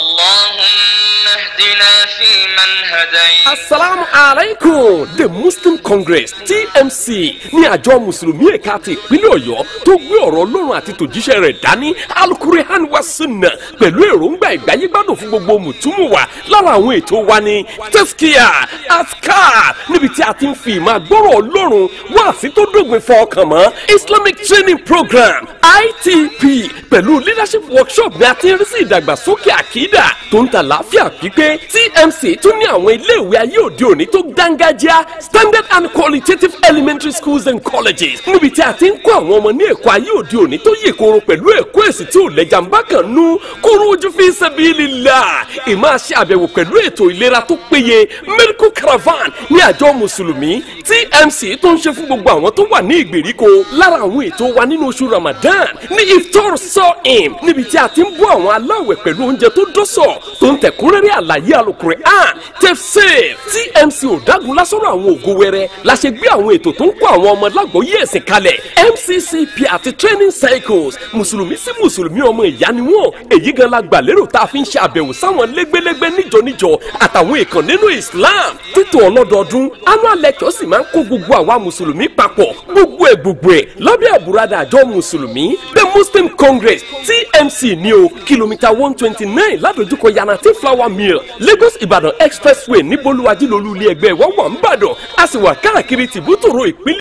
اللهم واهدنا فيمن هديت asalaamu alaikum the muslim congress tmc ní àjọ mùsùlùmí ẹ̀ka ti ìpínlẹ̀ ọ̀yọ́ tó gbé ọ̀rọ̀ ọlọ́run àti tòjíṣẹ́ rẹ̀ dání alukurihan wasunna pẹ̀lú èròǹgbà ìgbáyégbádùn fún gbogbo mùtúmùwà lára àwọn ètò wa ní tẹ́síkìá askar níbi tí a ti ń fi ìmọ̀ àgbọ̀rọ̀ ọlọ́run wá sí tó dògbìn fọ ọkàn mọ́ islamic training program itp pẹ̀lú leadership workshop ni a ti ń rí sí ìdàgbàsókè àkídà tó ń ta láàfíà pípé pé TMC tún ní àwọn iléèwé ayé òde òní tó dángájá standard and qualitative elementary schools and colleges níbi tí a ti ń kọ́ àwọn ọmọ ní ẹ̀kọ́ ayé òde òní tó yè koro pẹ̀lú ẹ̀kọ́ èsì tí ò lẹ́jà ń bá kàn nú kúrú ojú fi sabilillah ìmáa ṣe àbẹ̀wò pẹ̀lú ètò ìlera tó péye medical caravan ní àjọ mùsùlùmí TMC tó ń ṣe fún gbogbo àwọn tó wà ní ìgbèríko lára àwọn ètò wa nínú oṣù Ramadan ní iftar soim níbi tí a ti ń bọ́ àwọn aláwẹ̀ pẹ̀lú oúnjẹ tó dọ́sọ̀ tó ń tẹ̀kúnrẹ́rẹ́ àlàyé Al-Qur'an tefsir TMC ò dágun lásọ̀rọ̀ àwọn ògo wẹrẹ la ṣe gbé àwọn ètò tó ń kó àwọn ọmọ lágbóyè ẹ̀sìn kalẹ̀ MCCP àti training cycles mùsùlùmí sí mùsùlùmí ọmọ ìyá ni wọ́n èyí gan la gbà lérò tá a fi ń ṣe àbẹ̀wò sáwọn lẹ́gbẹ́lẹ́gbẹ́ níjọ níjọ àtàwọn ìkànnínú Islam títò ọlọ́dọọdún annual lecture sì má máa ń kó gbogbo àwa mùsùlùmí papọ̀ gbogbo ẹ̀ gbogbo ẹ̀ lábẹ́ àbúradà àjọ mùsùlùmí the muslim congress tmc ní o kìlómítà one twenty nine ládojúkọ yanati flower mill lagos ìbàdàn expressway níbolúwájú lolú ilé ẹgbẹ́ wa wà ń bàdàn a sì wà káàkiri tìbútòrò ìpínlẹ̀.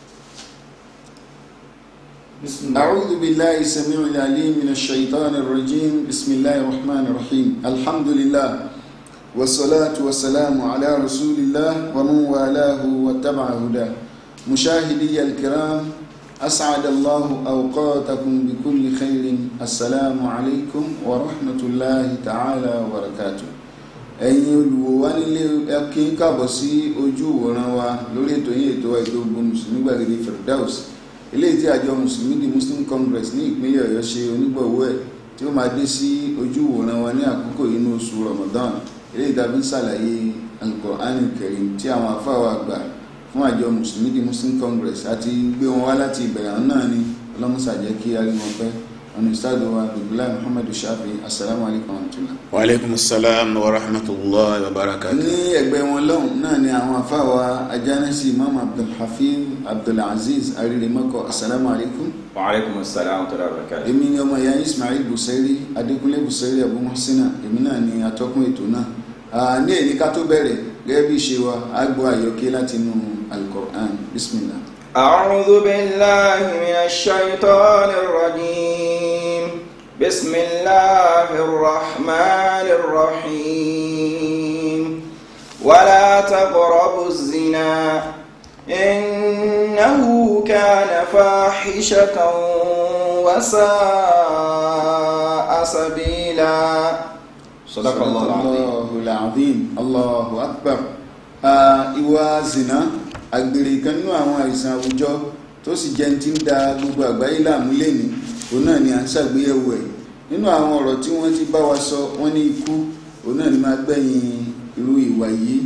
أعوذ بالله السميع العليم من الشيطان الرجيم بسم الله الرحمن الرحيم الحمد لله والصلاة والسلام على رسول الله ومن والاه واتبع هداه مشاهدي الكرام أسعد الله أوقاتكم بكل خير السلام عليكم ورحمة الله تعالى وبركاته ẹ̀yin olùwòwá nílé ẹkí káàbọ̀ sí ojú ìwòran wa lórí ètò yìí ètò ìgbógun mùsùlùmí gbàgede Firdaus eléyìí tí àjọ mùsùlùmí di Muslim Congress ní ìpínlẹ̀ Ọ̀yọ́ ṣe onígbọ̀wọ́ ẹ̀ tí ó máa dé sí ojú ìwòran wa ní àkókò inú oṣù Ramadan eré ìtàbí ń ṣàlàyé alukur'an karim tí àwọn afáwà gbà fún àjọ mùsùlùmí di muslim congress àti gbé wọn wá láti ìbẹ̀rẹ̀ àwọn náà ni ọlọ́mùsàjẹ́ kí arí pẹ́ ọ̀nà ìsáàdù wa abdullahi muhammadu shafi assalamu alaikum warahmatullah. wa alaikum assalam wa rahmatullahi wa barakatuh. ní ẹgbẹ́ wọn lọ́hùn náà ni àwọn afáwa ajánásí imam abdulhafiz abdulaziz aririmako assalamu alaikum. wa alaikum assalam wa barakatuh. èmi ni ọmọ ìyá ismail busairi adékúnlé busairi abu muhsina èmi náà ni atọ́kùn ètò náà. ní èyí ká tó bẹ̀rẹ̀ gẹ́gẹ́ bí ìṣe wa á gbọ́ àyọkẹ́ látinú al-Qur'an bismillah. a'udhu billahi minash shaitanir rajim. بسم الله الرحمن الرحيم ولا تقربوا الزنا إنه كان فاحشة وساء سبيلا صدق الله العظيم الله العظيم الله أكبر ìwà zina àgbèrè kan nínú àwọn àìsàn àwùjọ tó sì jẹ́ ti òun náà ni à ń ṣàgbéyẹ̀wò ẹ̀ nínú àwọn ọ̀rọ̀ tí wọ́n ti bá wa sọ wọ́n ní ikú òun náà ni máa gbẹ̀yìn irú ìwà yìí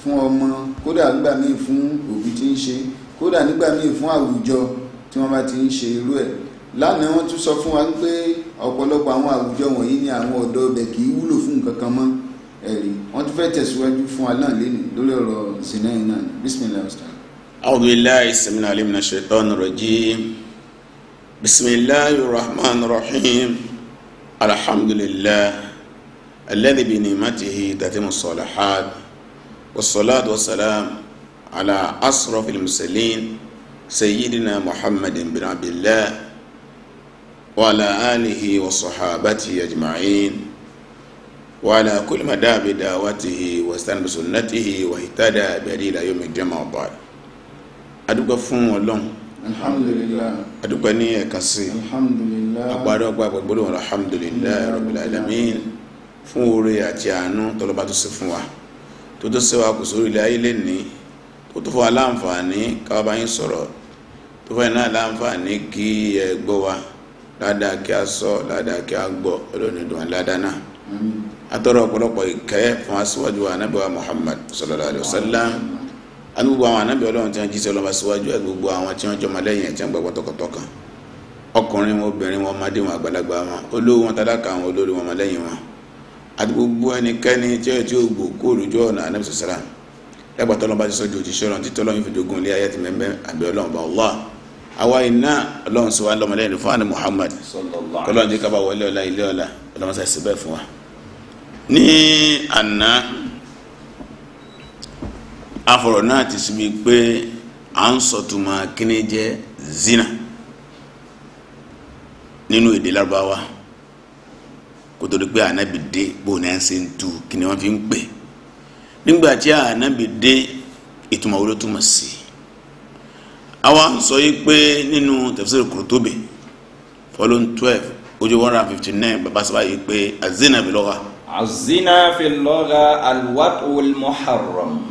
fún ọmọ kódà nígbà míì fún òbí tí ń ṣe kódà nígbà míì fún àwùjọ tí wọ́n bá ti ń ṣe irú ẹ̀ lánàá wọ́n tún sọ fún wa pé ọ̀pọ̀lọpọ̀ àwọn àwùjọ wọ̀nyí ni àwọn ọ̀dọ́ ibẹ̀ kì í wúlò fún nǹkan kan mọ́ ẹ̀rí wọ́n tún fẹ́ tẹ̀síwájú fún wa náà lẹ́nu lórí ọ̀rọ̀ zina yìí náà bisimilayi. a'udhu billahi sami'il alim minash shaitanir rajim. بسم الله الرحمن الرحيم الحمد لله الذي بنعمته تتم الصالحات والصلاة والسلام على أشرف المرسلين سيدنا محمد بن عبد الله وعلى آله وصحابته أجمعين وعلى كل مدى بدعوته واستنى بسنته واهتدى بهدي إلى يوم الجمع وبعد أدوك فون ولون alhamdulillah adúpẹ́ ní ẹ̀kan sí alhamdulillah àpárí ọgbà àpẹgbọ́dọ̀ alhamdulillah rabbil alamin fún oore àti àánú tọ́lọ́bá tó ṣe fún wa tó tó ṣe wa kò sórí ilé ayé lè ní tó tó fún wa láǹfààní káwá bá yín sọ̀rọ̀ tó fún yín náà láǹfààní kí ẹ gbọ́ wa ládàá kí a sọ ládàá kí a gbọ́ ọlọ́ni dùn ládàá náà atọ́rọ̀ ọ̀pọ̀lọpọ̀ ìkẹ́ fún aṣíwájú wa anábẹ́wà Muhammad sallallahu alayhi wa sallam àti gbogbo àwọn anábì ọlọ́run tí wọ́n jíṣẹ́ ọlọ́ba síwájú àti gbogbo àwọn tí wọ́n jọmọ lẹ́yìn ẹ̀ tí wọ́n gbàgbọ́ tọkàntọkàn ọkùnrin wọn obìnrin wọn ọmọdé wọn àgbàlagbà wọn olówó wọn tálákà wọn olórí wọn ọmọlẹ́yìn wọn àti gbogbo ẹnikẹ́ni tí ó ti gbò kó olùjọ ọ̀nà anábì sọ̀sọ̀rà ẹgbà tọ́lọ́ bá ti sọ́jú òjíṣẹ́ ọlọ́run tí tọ́lọ́ fi dogun ilé ayé ti mẹ́mẹ́ àbí ọlọ́run bá Allah àwa iná ọlọ́run afọ̀rọ̀ náà ti síbi pé à ń sọ̀tùmọ̀ kíní jẹ́ zina nínú èdè lárúbáwá kótó di pé ànábì dé bó ní à ń ṣe ń tu kíní wọ́n fi ń pè nígbà tí ànábì dé ìtumọ̀ wo túmọ̀ sí àwa ń sọ yìí pé nínú tafsir Qurtubi volume twelve ojú one hundred and fifty nine bàbá sábà yìí pé azina fi lọ́gà. azina fi lọ́gà alwatu almuharram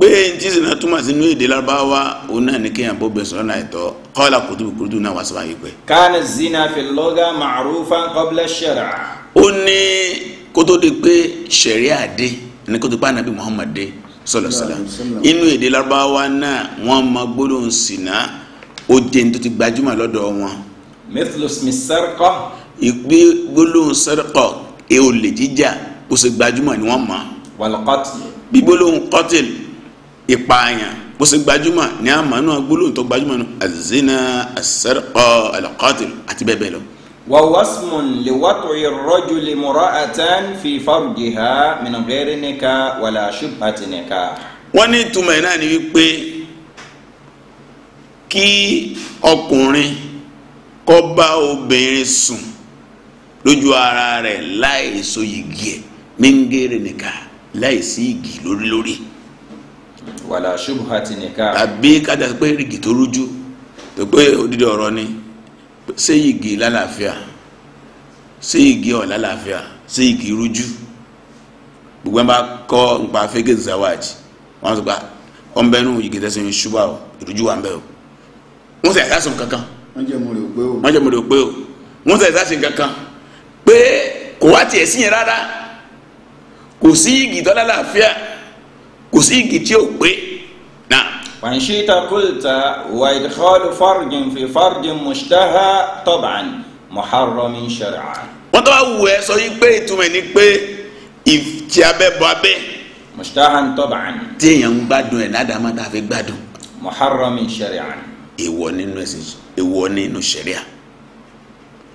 pé tí sinna túmọ̀ sínú èdè larabawa òun náà ní kéèyàn bó bẹ sọ̀rọ̀ náà ẹ̀tọ́ kọ́lá kùtùbù náà wà sọ́wọ́ àyípẹ́. kánà zina fìlọ́gà ma'rufan qabla ṣẹ̀rà. ó ní kótó di pé ṣẹ̀ríà dé ní kótó pa nàbí Muhammad dé sọlọsọlọ inú èdè larabawa náà wọn mọ gbólóhùn sínà ó jẹ ní tó ti gbajúmọ̀ lọ́dọ̀ wọn. mithlus mi sẹ́rkọ́. ìgbé gbígbólóhùn kọ́tìl ìpààyàn bó ṣe gbajúmọ̀ ní àmọ́nú gbólóhùn tó gbajúmọ̀ nù azina asẹ́rẹ́kọ́ alọ́kọ́tìl àti bẹ́ẹ̀ bẹ́ẹ̀ lọ. wa wasmun li wat'i rajuli mura'atan fi farjiha min ghairi nikah wala shubhati nikah. wọ́n ní ìtumọ̀ náà ni wípé kí ọkùnrin kó bá obìnrin sùn lójú ara rẹ̀ láì so yìgì ẹ̀ mingere nikah láì sí igi lórí lórí. wàlà ṣubuhati nìkan. àbí kájà pé igi tó rújú tó pé odidi ọ̀rọ̀ ni ṣé igi lálàáfíà ṣé igi ọ̀ lálàáfíà ṣé igi rújú gbogbo ẹ̀ bá kọ́ nípa fẹ́gẹ́ zawaji wọ́n sọ pé ọ̀nbẹ́nu igi tẹ̀sán ṣubá o ìrújú wà ń bẹ̀ o wọ́n sọ ẹ̀ka kankan wọ́n jẹ́ mo rò pé o wọ́n sọ ẹ̀ka sùn kankan pé kò wá tiẹ̀ sí yẹn rárá kò sí igi tọ́lá làáfíà kò sí igi tí ò pé náà. wàǹṣítà kúlta wà ìdíkọ́lù fọ́rjìn fi fọ́rjìn mùsítáhà tọ́bàn mọ̀hárọ́mí ṣẹ̀rà. wọ́n tọ́ bá wù ẹ́ sọ yí pé ìtumọ̀ ni pé ìtì abẹ́ bọ́ abẹ́. mùsítáhà tọ́bàn. tí èèyàn ń gbádùn ẹ̀ ládàámá tá a fi gbádùn. mọ̀hárọ́mí ṣẹ̀rà. èèwọ̀ nínú ẹ̀sìn èèwọ̀ nínú ṣẹ̀ríà.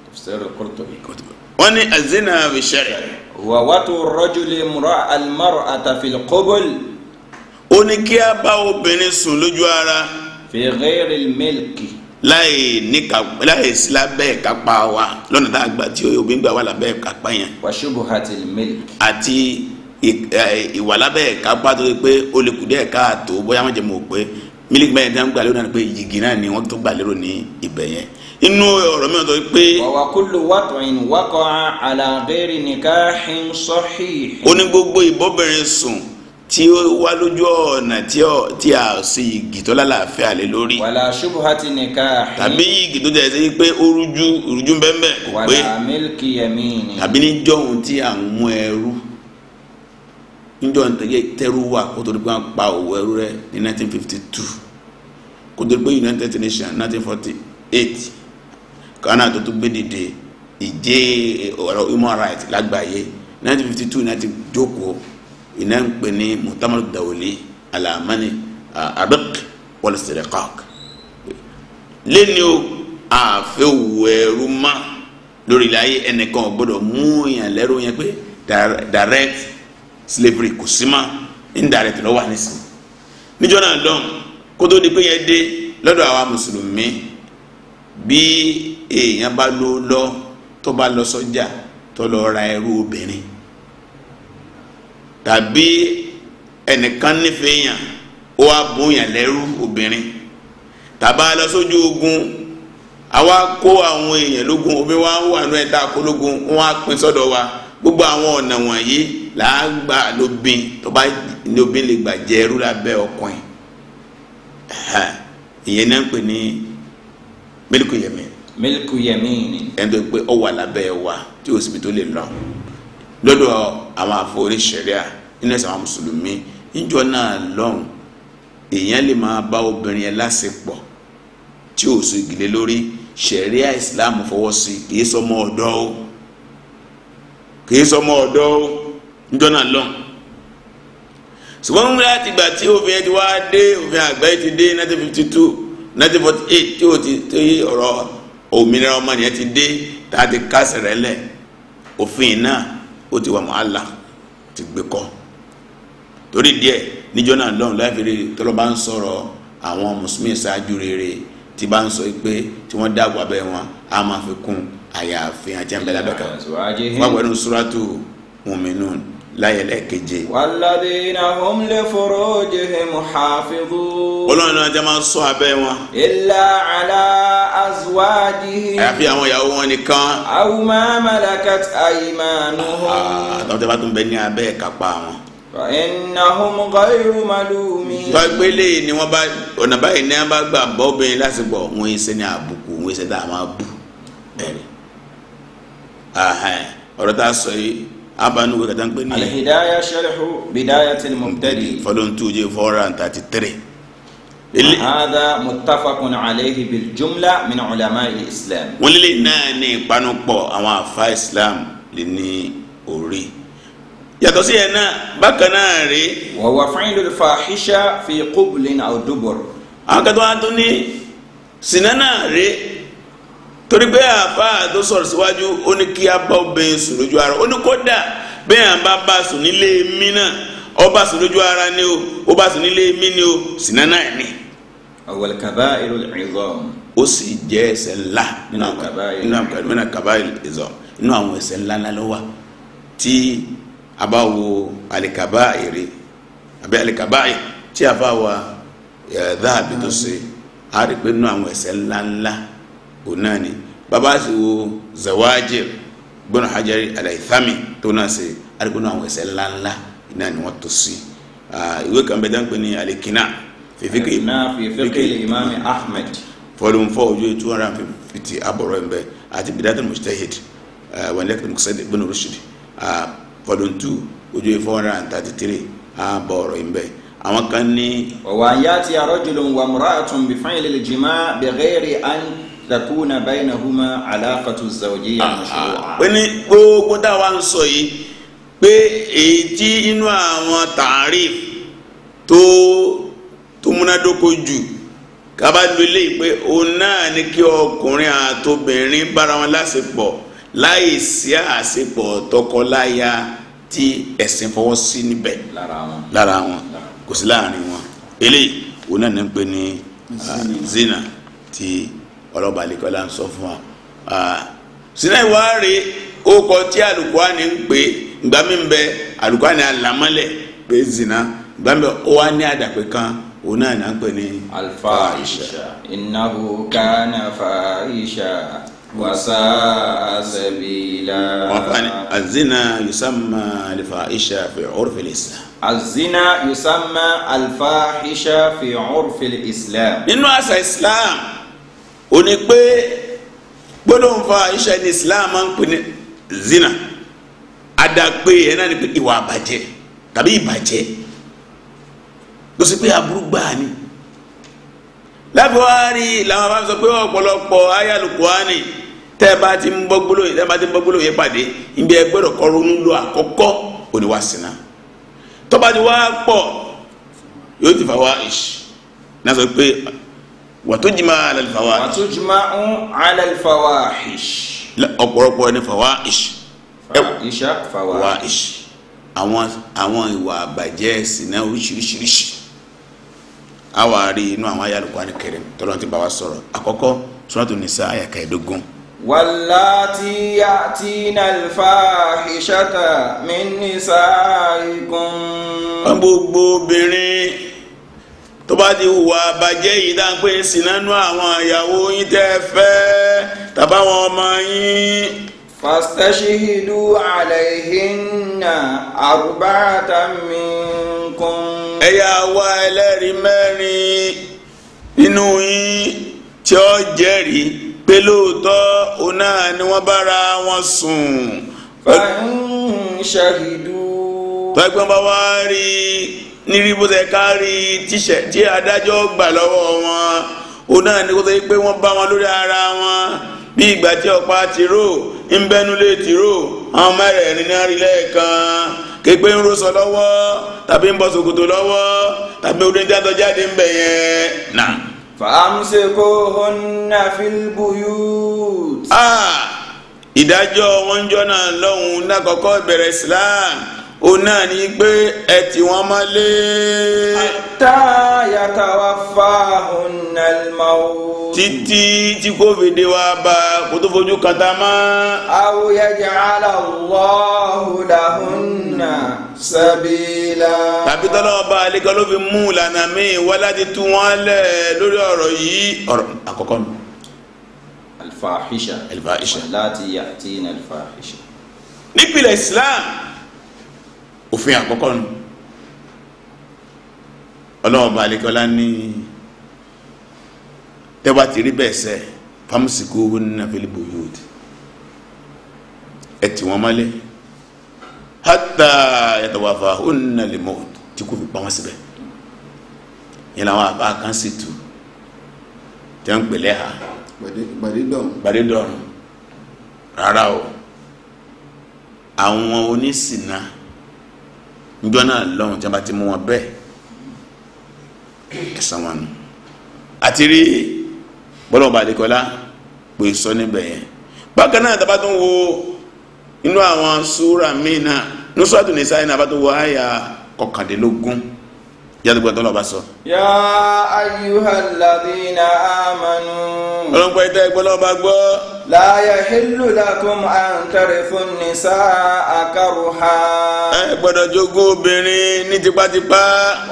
tafsir Qurtubi. Qurtubi wọ́n ní azina bishari. wà wá tó rọ́júlẹ̀ mùrọ̀ alimọ́rọ̀ àtàfil kóbol. ó ní kí a bá obìnrin sùn lójú ara. fi ghairil milki. láì níka láì sílábẹ́ kápá wa lọ́nà tá a gbà tí obìnrin gbà wà lábẹ́ kápá yẹn. wà shubuhatil milki. àti ìwà lábẹ́ kápá tó yẹ pé ó lè kù díẹ̀ káàtó bóyá wọ́n jẹ́ mọ̀ pé mílíkì báyìí tí wọ́n gbà lérò pé yìgì náà ni wọ́n tó gbà lérò ní ibẹ̀ yẹn inú ọ̀rọ̀ mi ọ̀tọ̀ pé. wàwà kúlò wàtò ìnù wákọ̀ àlàgẹ́rì nìka hin sọ́hì. ó ní gbogbo ìbọ́bìnrin sùn tí ó wá lójú ọ̀nà tí a sì igi tó lálàáfíà lé lórí. wàlà ṣubú hati nìka. tàbí igi tó jẹ́ sí pé ó rújú rújú bẹ́ẹ̀ pé. wàlà mílíkì ẹ̀mí ni. tàbí ní jọ̀hún tí à ń mú ẹrú níjọ́ tẹ́rú wà kó tó pé pa òwò ẹrú rẹ̀ ní 1952 kó tó pé United Nations 1948 ghana tó tún gbé dìde ìjẹ́ ọ̀rọ̀ human rights lágbàáyé 1952 náà ti jókòó iná ń pè ní mutamar dawuli alamani abek wọlẹsẹrẹkọk lẹ́ni o àfẹ́ wẹ̀rú ayé ẹnìkan gbọ́dọ̀ mú yàn lẹ́rú yẹn pé direct slavery kò sí mọ́ indirect lọ́wọ́ ànísìn níjọ́ náà dán kótó di pé yẹn dé lọ́dọ̀ àwa mùsùlùmí bí èèyàn bá lọ lọ tó bá lọ sọ́jà tó lọ ra ẹrú obìnrin tàbí ẹnìkan nífẹ̀ẹ́ yàn ó wá bóyàn lẹ́rú obìnrin tàbá lọ sójú ogun àwa kó àwọn èèyàn lógun omi wa wà nínú ẹ̀dá akólógun wọn á pín sọ́dọ̀ wa gbogbo àwọn ọ̀nà wọ̀nyí là á gbà lóbin tó bá lóbin lè gbà jẹ́ ẹrú lábẹ́ ọkùnrin ìyẹn náà ń pè ní. mílíkù yẹmí. mílíkù yẹmí pe ẹni tó pé ọ wà wa tí o sì bi tó lè lọ lọ́dọ̀ àwọn àforí sẹ̀ríà nínú ẹ̀sìn musulumi mùsùlùmí naa náà lọ́hùn èèyàn lè máa bá obìnrin yẹn lásìpọ̀ tí o sì gìlẹ̀ lórí sẹ̀ríà islam fọwọ́ sí sọmọ ọdọ o kì í sọmọ ọ̀dọ́ o níjọ náà lọ́hùn ṣùgbọ́n láti gbà tí òfin ẹ ti wá dé òfin àgbáyé ti dé nineteen fifty two nineteen forty eight tí o ti tí ọ̀rọ̀ òmìnira ọmọnìyàn ti dé tá a ti kásẹ̀ rẹ̀ lẹ̀ òfin náà ó ti wà mọ́ àlà ti gbé kọ́ torí díẹ̀ níjọ́ náà lọ́run láì fi rí tọ́lọ́ bá ń sọ̀rọ̀ àwọn mùsùlùmí ṣáájú rere tí bá ń sọ pé tí wọ́n dáàbò abẹ́ wọn a máa fi kún àyàfi àti àbẹ̀lábẹ́ka wọ́n pẹ̀lú suratu mu'minun láyẹlẹ keje. wàlladìínà humle forojihi muhafidu. olórin náà jẹ́ sọ abẹ́ wọn. ilà àlà azuwajihi. àyàfi àwọn ìyàwó wọn nìkan. àwùmá malakat àyìmánu. àtàwọn tẹ́lẹ̀ bá tún bẹ ní abẹ́ kápá wọn. innahum ghayru malumi. gbàgbélé ni wọ́n bá ọ̀nà báyìí ní wọ́n bá gbà bọ́ obìnrin láti bọ̀ wọ́n ń sẹ́ni àbùkù wọ́n ń sẹ́ni àmọ́ bù ọ̀rọ̀ tá a sọ yìí abanu wẹ kata n pe ni. alihidaya sharihu bidaya ti mubtadi. fọlọ́n tuuje four hundred and thirty three. hada muttafaqun alayhi bil jumla min ulama islam. wọ́n lé náà ní ìpanupọ̀ àwọn afa islam lè ní orí. yàtọ̀ sí yẹn náà bákan náà rè. wa huwa fi'lul fahisha fi qublin aw dubur. àwọn kẹtọ́ wa tún ní torí pé àáfàá tó sọ̀rọ̀ síwájú ó ní kí a bá obìnrin sùn lójú ara ó ní kódà bẹ́ẹ̀ à ń bá bá sùn nílé mi náà ó bá sùn lójú ara ni o ó bá sùn nílé mi ni o sìnà náà ni. awal kaba'irul izam. ó sì jẹ́ ẹ̀ṣẹ̀ ńlá nínú àwọn kaba'irul izam nínú àwọn ẹ̀ṣẹ̀ ńlá ńlá ló tí a bá wo alikaba'iri àbí alikaba'iri tí a bá wa ẹ̀ẹ́dá eh, àbí tó ṣe a rí pé nínú àwọn ẹ̀ṣẹ̀ bàbá sì wo zawajir gbọ́nà hajari alaithami tó náà ṣe arúgbóná àwọn ẹ̀sẹ̀ ńláńlá iná ni wọ́n tó sí ìwé kan bẹ́ẹ̀ dáńpẹ́ ní alikina fífíkì imami ahmed volume four ojú two hundred and fifty abọ̀rọ̀ ẹ̀ ń bẹ́ àti bidatul mujtahid wọn lẹ́kọ̀ọ́ muqsad ibn rushd volume two ojú four hundred and thirty three abọ̀rọ̀ ẹ̀ ń bẹ́ àwọn kan ní. ọ̀wá yá ti arọ́jùlọ̀ wàmúrà àtúnbí fáyìlì jìmá bẹ̀rẹ̀ rí àná takuna bainahuma alaqatu zawjiyya mashru'a. pé ní gbogbo táwa ń sọ yìí pé èyí tí inú àwọn tààríf tó tó múnádóko jù kaba lulẹ̀ yìí pé òun náà ni kí ọkùnrin àtobìnrin bára wọn láṣepọ̀ láì sí àṣepọ̀ tọkọláya tí ẹ̀sìn fọwọ́ sí níbẹ̀ lára wọn kò sí láàrin wọn eléyìí òun náà ní pé ní zina ah, ti. Uh, ọlọ́ba àlekọ́lá ń sọ fún wa. sinai wá rèé ó kọ tí alukwani ń pè gbà mí bẹ alukwani alamọlẹ pé zina gbà mí ó wá ní àdàpé kan òun náà náà pè ní. alfahisha innahu kana fahisha wasa asabila. wọn fa ni azina yusamma alfahisha fi urfil islam. azina yusamma alfahisha fi urfil nínú àṣà islam ó ní pé gbọ́dọ̀ fa iṣẹ́ ní islam máa ń pè ní zina adagbe yẹn náà ni pé ìwà àbàjẹ́ tàbí ìbàjẹ́ ló sì pé aburú gbáà ni láfiwárí làwọn bá sọ pé ọ̀pọ̀lọpọ̀ ayélujára tẹ́ ẹ bá ti ń bọ́ gbólóyè tẹ́ ẹ bá ti ń bọ́ gbólóyè pàdé ibi ẹ kọ́ ronú lọ àkọ́kọ́ oníwàsínà tọ́ba ti wá pọ̀ yóò ti fà wá ìṣ náà sọ pé wàtújìmá alàlùfàwà. wàtújìmá alàlùfàwàhish. ọ̀pọ̀lọpọ̀ ni fàwàhish. fàwàhisha fàwàhish. àwọn àwọn ìwà àbàjẹ́ ṣìnà oríṣiríṣiríṣi àwa rí inú àwọn ayé Al-Qur'an Al-Karim tọ́lọ́ ti bá wa sọ̀rọ̀ àkọ́kọ́ Suratu Nisa àyá kẹẹ̀ẹ́dógún. wàláti yàtí nàlfàhìṣàtà min nisaikum. wọ́n gbogbo obìnrin tó bá ti hùwà bàjẹ́ yìí dá ń pè sínánú àwọn ìyàwó yín tẹ́ fẹ́ tàbáwọn ọmọ yín. fastashihidu alayhinna arba'atan minkum. ẹ yà wá ẹlẹ́rìí mẹ́rin nínú yín tí ó jẹ́rìí pé lóòótọ́ òun náà ni wọ́n bára wọn sùn. fàáhùn tọ́gbọ́n bá wá rí i. níbi bó ṣe kárí tíṣẹ tí adájọ́ gbà lọ́wọ́ wọn náà ní kó ṣe pé wọn bá wọn lórí ara wọn bí ìgbà tí ọ̀pá tìró ń bẹ́nu ti rò àwọn mẹ́rẹ̀ẹ̀rin náà rí lẹ́ẹ̀kan képe ń rosọ lọwọ tàbí ń ṣòkòtò tàbí jáde ń yẹn nà. Ah! ìdájọ́ wọn lọ́hùn-ún náà kọ́kọ́ bẹ̀rẹ̀ Islam. òun náà ni pé ẹ tì wọ́n mọ́lé. àtà yàtà wá fa ònàlmà o. títí tí covid wa bá kó tó fojú kàtà mọ́. àwòyẹ jàǹdà lọ́hùn sabila. tàbí tọ́lọ́ ọba àlekọ́ ló fi mú ìlànà míì wá láti tú wọn lẹ̀ lórí ọ̀rọ̀ yìí ọ̀rọ̀ àkọ́kọ́ nù. alfahisha alfahisha. láti yàtí ní alfahisha. nípìnlẹ̀ Islam òfin àkọ́kọ́ nù ọlọ́wọ́ balẹ̀kọ́lá ní tẹ́wà ti rí bẹ́ẹ̀ sẹ́ fámùsìkú owó nínú àfẹ́lẹ́bù yóò ẹ tì wọ́n mọ́lé hátà yàtọ̀wàfà ó nà lè mọ́ tí kò fi pa wọ́n síbẹ̀ yẹn làwọn àbá kan sì tù tẹ́ ń pèlẹ́ ha gbàdédọ̀rùn rárá o àwọn onísìnà njọ́ náà lọ́hùn tí wọ́n bá ti mú wọn bẹ́ẹ̀ ẹ̀sán wọn nù àti rí bọ́lọ́mọba àdékọ́lá pé sọ níbẹ̀ yẹn bákan náà tá a bá tún wo inú àwọn súra míì náà nusratu nisa yìí náà a bá tún wo àyà kọkàndínlógún yàtúgbà tó lọ́ba sọ. yá ayyuhal ladhina amanu. ọlọ́pàá ìtẹ́ ẹgbẹ́ lọ́ba gbọ́. la yahillu lakum an tarifu nisaa karuha. ẹ gbọ́dọ̀ jogún obìnrin ní tipátipá.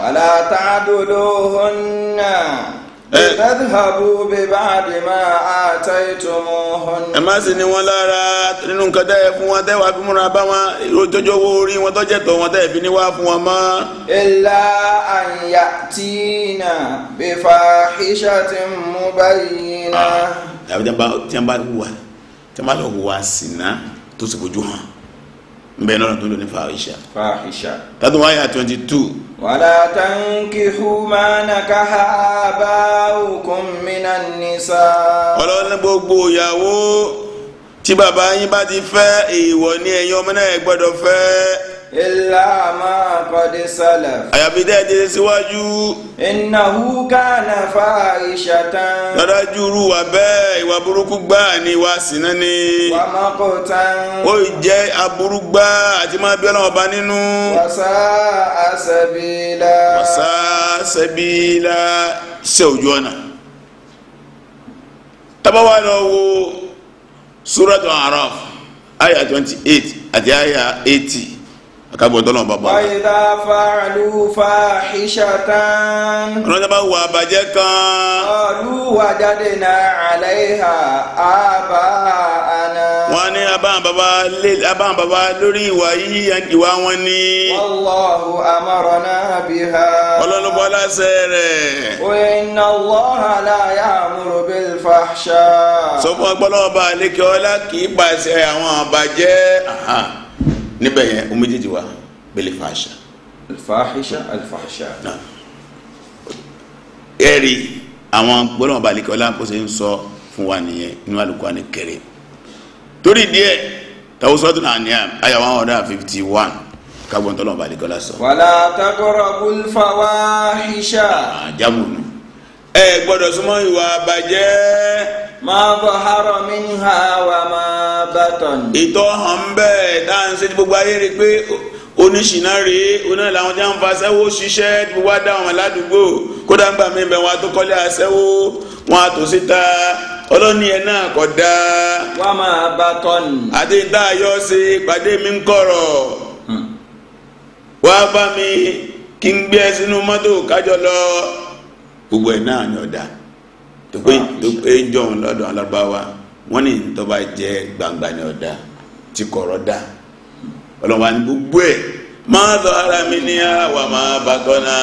wala ta'duluhunna fadhhabu bi ba'di ma sì ní wọn lára nínú nǹkan tẹ́ fún wọn tẹ́ wàá fi múra bá wọn ìrojọ́jọ́ wo orí wọn tọ́jẹ́ tọ̀ wọn tẹ́ fi ní wá fún wọn mọ́. illa an ya'tina bi fahishatin mubayyinah. àbí tí wọ́n bá wù wá tí wọ́n bá lọ wù sí náà tó sì fojú hàn nbẹ nọnọ tó lò fahisha. fahisha. tatu wa yà twenty two. wala tankihu ma nakaha abaukum nisa. ọlọ́ni gbogbo ìyàwó tí bàbá yín bá ti fẹ́ èèwọ̀ ní ẹ̀yin ọmọ náà ẹ illa ma qad salaf. àyàfi tẹ́ ẹ ti síwájú. innahu kana dada juru wa bẹ́ẹ̀ ìwà burúkú gbáà ni ìwà sínú ni. wa maqtan. ó jẹ́ aburú gbáà àti máa bí ọlọ́wọ́ bá nínú. wa sa'a sabila. wa sa'a sabila ṣe ojú ọ̀nà. tabawa lọ wo suratu araf aya twenty eight àti aya eighty akagbọn tọ́lọ̀ bá bọ̀. wàyíta fàlù fàhíṣàtàn. ọlọ́dẹ bá wà bàjẹ́ kan. ọ̀lú wàjáde náà àlẹ́hà àbá àná. wọ́n ní abáhàn bàbá lórí ìwà yìí ìwà wọn ni. wàlláhu amarana biha. ọlọ́nubọ́ lásẹ̀ rẹ̀. inna Allaha la ya'muru bil fahsha. sọ fún ọgbọ́n náà bá ọlá kì í pàṣẹ àwọn àbàjẹ́ níbẹ̀ yẹn o méjèèjì wa bẹ́lẹ̀ fàáṣà. alfahisha alfahisha. ẹ rí àwọn gbọ́dọ̀ balẹ̀kẹ́ ọlá bó ṣe ń sọ fún wa nìyẹn inú Al-Qur'ani Karim torí díẹ̀ tàwọn sọ́dún náà ní àyà one hundred and fifty one kábọ̀n tọ́lọ̀ balẹ̀kẹ́ ọlá sọ. wàlá taqrabul fawahisha. àjàmù ẹ gbọ́dọ̀ súnmọ́ ìwà bàjẹ́ ma zahara minha wa ma batan. ìtọ́ hàn bẹ́ẹ̀ dáhùnsẹ́ tí gbogbo ayé rí i pé oníṣìná rèé oná làwọn tí wọ́n fa aṣẹ́wó ṣiṣẹ́ tí gbogbo adáwọn aládùúgbò kódà ń gbà mí bẹ́ẹ̀ wọn àtúkọ́lé aṣẹ́wó wọn àtò síta ọlọ́ni ẹ̀ náà kọ̀ dáa. wà á máa àti ìta ṣe pàdé mi ń kọ̀rọ̀ hmm. wá bá mi kí n gbé ẹ sínú mọ́tò kájọ lọ gbogbo ẹ̀ náà ni ọ̀dà tó pé tó pé jọ̀hún lọ́dọ̀ alágbáwa wọ́n ní tọ́ba jẹ́ gbangba ní ọ̀dà tí kọ̀rọ̀ dá ọlọ́wà ní gbogbo ẹ̀ máa tọ́ ara mi ní àwà máa bá tọ́nà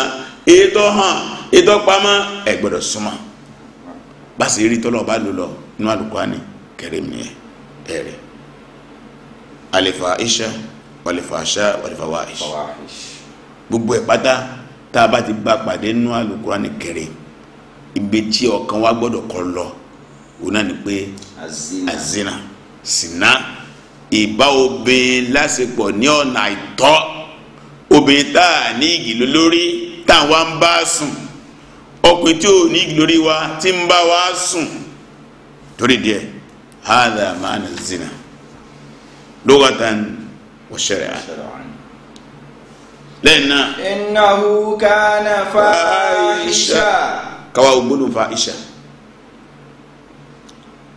ètò hàn ètò pamọ́ ẹ̀ gbọ́dọ̀ súnmọ́ bá rí tọ́lọ́ bá lò lọ inú àlùkùránì kẹrìm ni ẹ̀ rẹ̀ àlèfà iṣẹ́ wàlèfà àṣà wàlèfà wàhíṣ gbogbo ẹ̀ pátá tá a bá ti bá pàdé inú àlùkùránì kẹrìm ibi tí ọkàn wa gbọ́dọ̀ kọ́ lọ òun náà ni pé azina sina ìbá obìnrin lásìpọ̀ ní ọ̀nà àìtọ́ obìnrin tá a ní igi lórí tá a wá ń bá sùn ọkùnrin tí ò ní igi lórí wa ti ń bá wa sùn torí díẹ̀ hàdà màánà zina lókàtàn wọ́ṣẹ̀rẹ̀ à lẹ́yìn náà. innahu kana fa'isha káwa gbólóhùn fa iṣẹ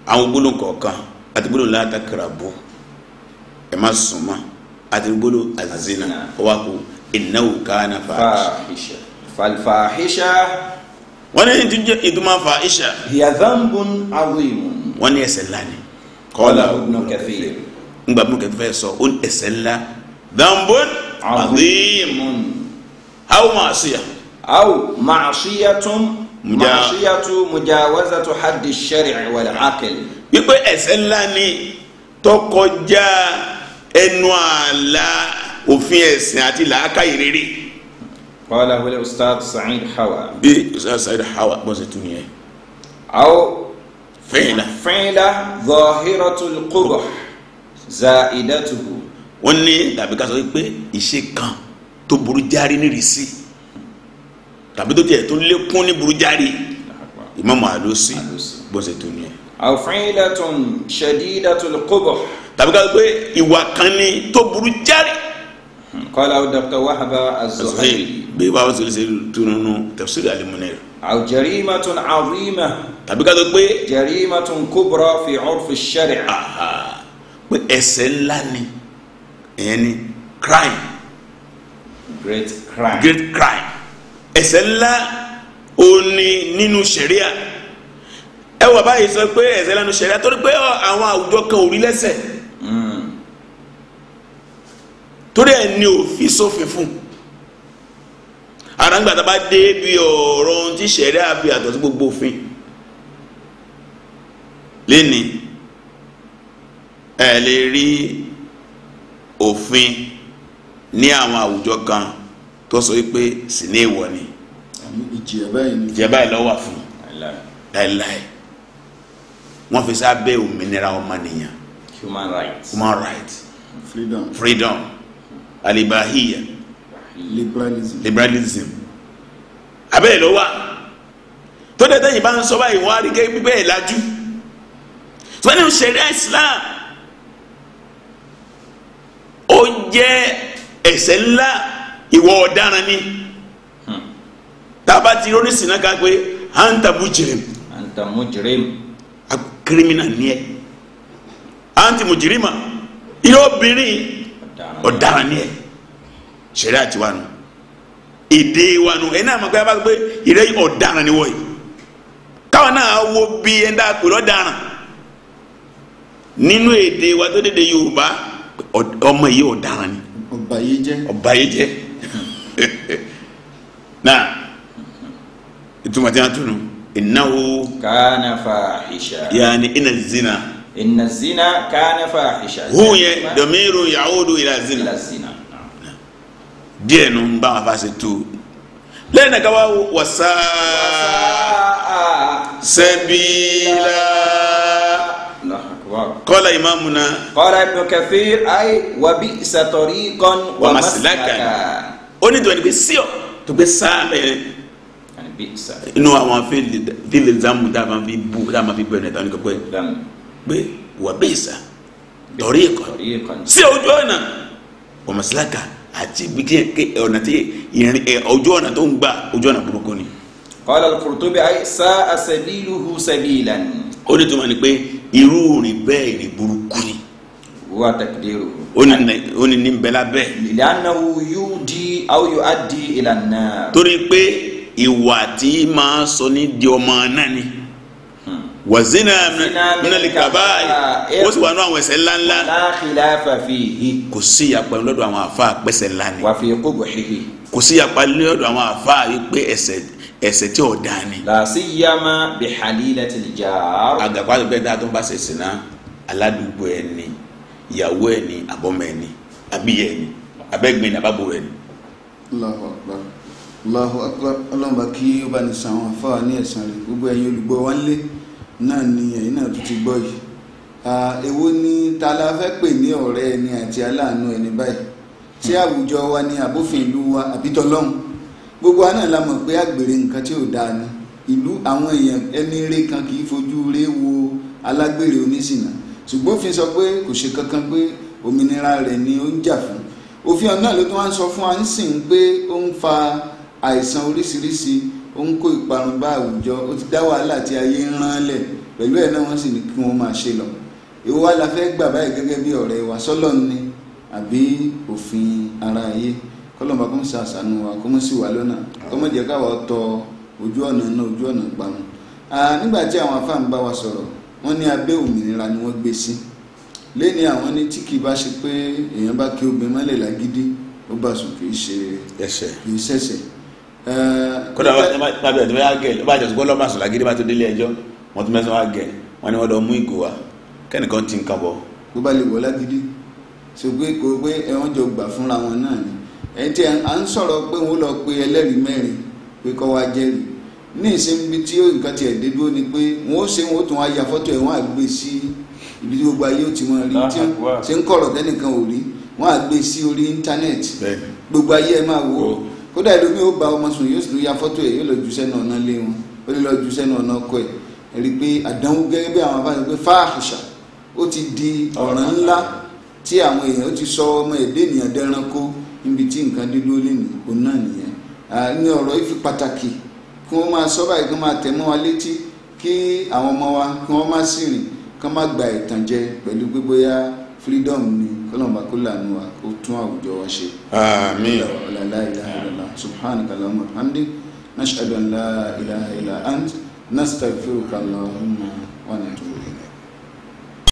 àwọn gbólóhùn kọ̀ọ̀kan àti gbólóhùn látàkìràbó ẹ má sùn mọ́ àti gbólóhùn àzínà ọwọ́ kò ìnáwó kánà fa iṣẹ. falfahisha. wọ́n ní ìdíje ìdúmọ̀ fa iṣẹ. hiya dhanbun azim. wọ́n ní ẹ̀ṣẹ̀ ńlá ni. qala Ibn Kathir. ńgbà Ibn Kathir fẹ́ sọ ó ní ẹ̀ṣẹ̀ ńlá dhanbun azim. aw ma'siyah. aw ma'siyatun mọ̀ṣíyàtú mujawazatu haddi shari'i wal aql. wípé ẹ̀ṣẹ̀ ńlá ni tọkọjá ẹnu ààlà òfin ẹ̀sìn àti làákàyè rere. qala wọlé ustaz sa'id hawa. bí ustaz sa'id hawa bọ́ sí tún yẹn. aw fẹ́ẹ̀lá. fẹ́ẹ̀lá zahiratul qubh zaidatuhu. wọ́n ní tàbí ká sọ pé ìṣe kan tó burú járe nírìí sí tàbí tó tiẹ̀ tó lékún ní burújáre ìmáàmù àlósì bó ṣe tó ní ẹ. àfihàn shadidatul qubh. tàbí ká gbé ìwà kan ní tó burú járe. qala dr wahaba az-zuhayri. bẹ́ẹ̀ bá wọ́n ṣe ṣe túnú tafsir al-munir. aw jarimatun azima. tàbí ká gbé. jarimatun kubra fi urfi ash pé ẹ̀ṣẹ̀ ńlá ni ẹ̀yẹn ni crime. great crime. great crime ẹ̀ṣẹ̀ ńlá òní nínú ṣẹ̀ríà ẹ wà báyìí sọ pé ẹ̀ṣẹ̀ ńlá nínú ṣẹ̀ríà torí pé àwọn àwùjọ kan ò rí lẹ́ṣẹ̀ torí ẹ̀ ní òfin sófin fún àràǹgbà tá a bá dé bí ọ̀rọ̀ ohun tí ṣẹ̀ríà fi àtọ̀ sí gbogbo òfin lénìí ẹ lè rí òfin ní àwọn àwùjọ kan tó sọ pé sìnì ìwọ ni ìjẹ báyìí ló wà fún láìláì wọ́n fi sábẹ́ òmìnira ọmọnìyàn human rights human rights freedom freedom alibahiya liberalism liberalism abẹ́rẹ́ ló wà tó dé tẹ́yìn bá ń sọ báyìí wọ́n á rí gẹ́gẹ́ bíbẹ́ ẹ̀ lajú sọ ni sẹ̀ríà Islam ó jẹ́ ẹ̀ṣẹ̀ ńlá. ìwọ ọ̀daràn ni tába ti ronú sinna ká pé anta mujrim. anta mujrim. a kírímìnà ni ẹ anti mujrima ìyá obìnrin ni ẹ ṣẹlẹ àti wa nù èdè wa nù ẹ náà pé a bá gbé ni wọ yìí náà wo bí ẹ ń dá pè nínú èdè wa tó dédé Yorùbá ọmọ yìí ni náà ìtumọ̀ tí a tún nù ìnáwó. kánà fàáhìṣà. yaani ina zina. ina zina kánà fàáhìṣà. hún yẹ dọ̀míìrù yàwóòdù ìlà zina. ìlà zina. díẹ̀ nù ń bá tu lẹ́yìn náà káwá wàsá قال إمامنا قال ابن كثير أي وبئس طريقا ومسلكا onídìí ẹni pé síọ tó pé sáàmì ah, inú àwọn fílẹ̀ zamu tá a máa fi bu tá a máa fi bu ẹ̀nẹ̀ta oníkọ̀ pé pé wà bẹ́ẹ̀ sà tọ̀rí ẹ̀kọ́ sí ojú ọ̀nà ọ̀mọ̀síláka àti ibi tí ọ̀nà tí ìrìn ojú ọ̀nà tó ń gbà ojú ọ̀nà burúkú ni. qala al-Qurtubi sá asabiluhu sabilan. ó ní tó máa ní pé irú rìn bẹ́ẹ̀ rìn burúkú ni huwa takdiru. ó ní ó ní ní bẹ́lá bẹ́ẹ̀. ìdánáwó yóò di aw yóò á di ìlànà. torí pé ìwà tí máa sọ ní di ọmọ náà ni hmm. wa zina minali kaba yi o sì wà nù àwọn ẹ̀ṣẹ̀ ńláńlá. wàlá khilafa fihi. kò sí ìyapa lọ́dọ̀ àwọn àfa pẹ̀sẹ̀ ńlá ni. wàfi qubhihi. kò sí ìyapa lọ́dọ̀ àwọn àfa pé ẹ̀ṣẹ̀ ẹ̀ṣẹ̀ tí ò dáa ni. la tó ń bá ṣe sìn náà ìyàwó ẹ̀ ni àbọ̀mọ̀ ẹ̀ ni àbíyẹ̀ ẹ̀ ni abẹ́gbin ni àbábò rẹ̀ ni. Allahu akbar Allahu akbar ọlọ́run bá kí ó bá ní san afáwà ní ẹ̀sán rẹ̀ gbogbo ẹ̀yin olùgbọ́ wa náà ni ẹ̀yin náà tún ti gbọ́ yìí èwo ni ta la fẹ́ pè ní ọ̀rẹ́ ẹni àti aláàánú ẹni báyìí ṣé àwùjọ wa ni àbófin ìlú wa àbí tọlọ́run gbogbo àná la mọ̀ pé àgbèrè nǹkan tí ò dáa ni ìlú àwọn èèyàn ẹni eré kan kì í fojú rẹ̀ wo alágbèrè oníṣìnà ṣùgbọ́n òfin sọ pé kò ṣe kankan pé òmìnira rẹ̀ ni ó ń jà fún òfin ọ̀nà ló tún wá ń sọ fún wa ń sìn pé ó ń fa àìsàn oríṣiríṣi ó ń kó ìparun bá àwùjọ ó ti dá wàhálà tí ayé ń rán lẹ̀ pẹ̀lú ẹ̀ náà wọ́n sì ní kí wọ́n máa ṣe lọ èwo wá la fẹ́ gbà báyìí gẹ́gẹ́ bí ọ̀rẹ́ wa sọ́lọ́ ni àbí òfin ara ayé kọ́lọ́mọba kó ń sa àṣàánú wa kó ń sì wà lọ́nà kó mọ̀ jẹ́ káwa tọ ojú ọ̀nà náà ojú ọ̀nà ìparun nígbà tí àwọn afáàn bá wa sọ̀rọ̀ wọ́n ní abẹ́ òmìnira ni wọ́n gbé sí lẹ́ni àwọn ní tí kì í bá ṣe pé èèyàn bá kí obìnrin mọ́lẹ̀ lágídí ó bá sùn kì í ṣe ẹ̀ṣẹ̀ kì í ṣẹ̀ṣẹ̀. kódà bá bẹ̀rẹ̀ tó bá yá gẹ̀ẹ́ bá jẹ̀sùn gbọ́dọ̀ bá sùn lágídí bá tó délé ẹjọ́ wọ́n tún mẹ́sàn-án wá wọ́n ní wọ́n lọ mú ìgò wá kẹ́nìkan ti nǹkan bọ̀. bó bá lè wọ lágídí ṣùgbọ́n kò pé ẹ̀wọ̀n jọ gbà fúnra wọn náà ni ẹ̀ ní ìsinmi tí nǹkan tiẹ̀ dé dúró ni pé wọ́n ṣe wọ́n tún aya fọ́tò ẹ̀ wọ́n á gbé sí ibi tí gbogbo ayé ó ti máa rí tí ṣe ń kọ̀rọ̀ tẹ́nìkan ò rí wọ́n á gbé sí orí íńtánẹ́ẹ̀tì gbogbo ayé ẹ máa wò ó kódà ìlú mi ó ba ọmọ sùn yóò sì ya fọ́tò ẹ̀ yóò lọ jù sẹ́nu ọ̀nà lé wọn ó lè lọ jù sẹ́nu ọ̀nà ọkọ ẹ̀ ẹ̀ rí i pé àdánwò gẹ́gẹ́ bí àwọn afáàní pé fáàṣà di ọ̀ràn ńlá tí àwọn èèyàn ó ti sọ ọmọ èdè ènìyàn dẹranko níbi tí nǹkan dídúró lè kí wọ́n máa sọ báyìí kí wọ́n máa tẹ̀ mọ́ wa létí kí àwọn ọmọ wa kí wọ́n má sì rìn kí wọ́n má gba ìtànjẹ pẹ̀lú gbígbóyà freedom ni kọ́lọ́mùbá kó lànà wa kó tún àwùjọ wa ṣe. àmín. la ilaha illallah subhanaka allahumma wa hamdik nashhadu an la ilaha illa ant nastaghfiruka allahumma wa natubu.